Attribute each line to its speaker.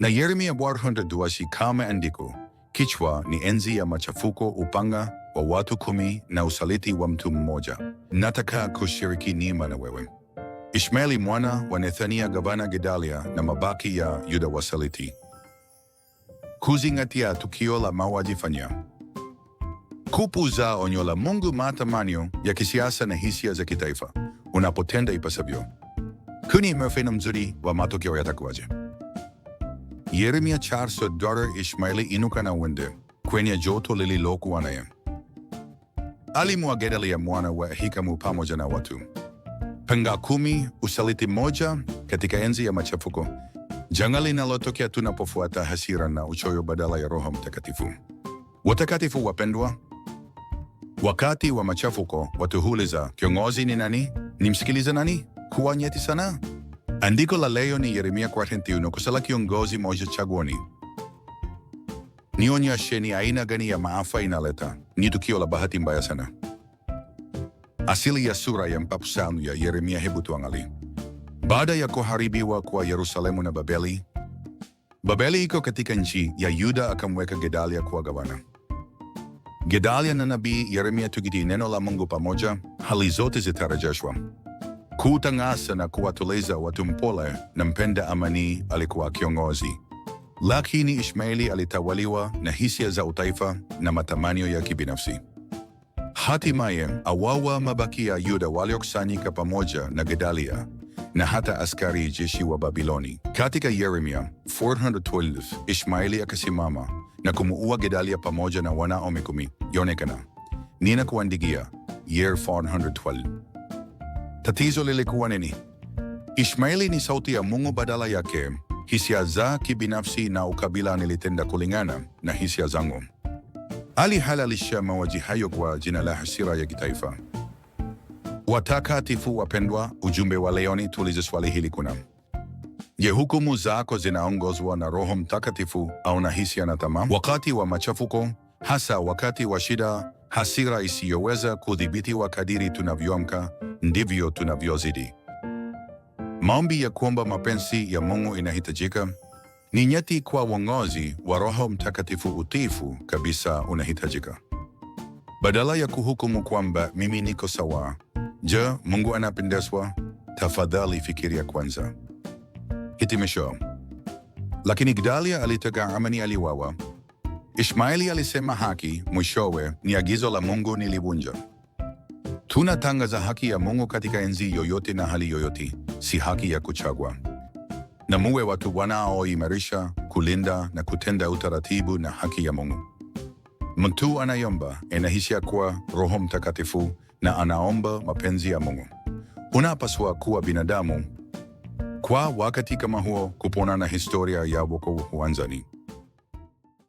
Speaker 1: Na Yeremia 100 kama andiko kichwa ni enzi ya machafuko, upanga wa watu kumi na usaliti wa mtu mmoja. Nataka kushiriki neema na wewe. Ishmaeli mwana wa Nethania, gavana Gedalia na mabaki ya Yuda wasaliti. Kuzingatia tukio la mauaji fanya za onyo la Mungu, matamanio ya kisiasa na hisia za kitaifa. Unapotenda ipasavyo, kuni na mzuri wa matokeo yatakuwaje? Yeremia daughter Ishmaeli inuka na uende kwenye joto lililokuwa naye. Alimwagilia mwana wa Hikamu pamoja na watu panga kumi, usaliti moja katika enzi ya machafuko, janga linalotokea tunapofuata hasira na uchoyo badala ya Roho Mtakatifu. Watakatifu wapendwa, wakati wa machafuko watu huuliza kiongozi ni nani? Nimsikiliza nani? Kuwa nyeti sana Andiko la leo ni Yeremia 41, kusala kiongozi moja chaguoni. Nionyesheni aina gani ya maafa inaleta. Ni tukio la bahati mbaya sana. Asili ya sura ya mpapu sanu ya Yeremia, hebu tuangali. Baada ya kuharibiwa kwa Yerusalemu na Babeli, Babeli iko katika nchi ya Yuda, akamweka Gedalia kuwa gavana. Gedalia na nabii Yeremia tugiti neno la Mungu pamoja, hali zote zitarejeshwa kutangaza na kuwatuliza watu mpole na mpenda amani alikuwa kiongozi, lakini Ishmaeli alitawaliwa na hisia za utaifa na matamanio ya kibinafsi. Hatimaye awawa mabaki ya Yuda waliokusanyika pamoja na Gedalia na hata askari jeshi wa Babiloni. Katika Yeremia 412 Ishmaeli akasimama na kumuua Gedalia pamoja na wanawe kumi. Yonekana nina kuandikia Yer 412 Tatizo lilikuwa nini? Ishmaeli ni sauti ya Mungu badala yake. Hisia za kibinafsi na ukabila nilitenda kulingana na hisia zangu. halalisha mauaji hayo kwa jina la hasira ya kitaifa. Watakatifu wapendwa, ujumbe wa leoni tulize swali hili. Kuna je, hukumu zako zinaongozwa na Roho Mtakatifu au na hisia na tamaa? Wakati wa machafuko, hasa wakati wa shida, hasira isiyoweza kudhibitiwa kadiri tunavyoamka ndivyo tunavyozidi. Maombi ya kuomba mapenzi ya Mungu inahitajika ni nyeti kwa uongozi wa Roho Mtakatifu. Utiifu kabisa unahitajika, badala ya kuhukumu kwamba mimi niko sawa. Je, Mungu anapendezwa? Tafadhali fikiria kwanza. Hitimisho. Lakini gdalia alitaka amani, aliwawa. Ishmaeli alisema haki, mwishowe ni agizo la Mungu nilivunja. Tunatangaza haki ya Mungu katika enzi yoyote na hali yoyote, si haki ya kuchagua. Na muwe watu wanaoimarisha, kulinda na kutenda utaratibu na haki ya Mungu. Mtu anayeomba anahisia kuwa Roho Mtakatifu na anaomba mapenzi ya Mungu. Unapaswa kuwa binadamu kwa wakati kama huo, kupona na historia ya wokovu huanzani.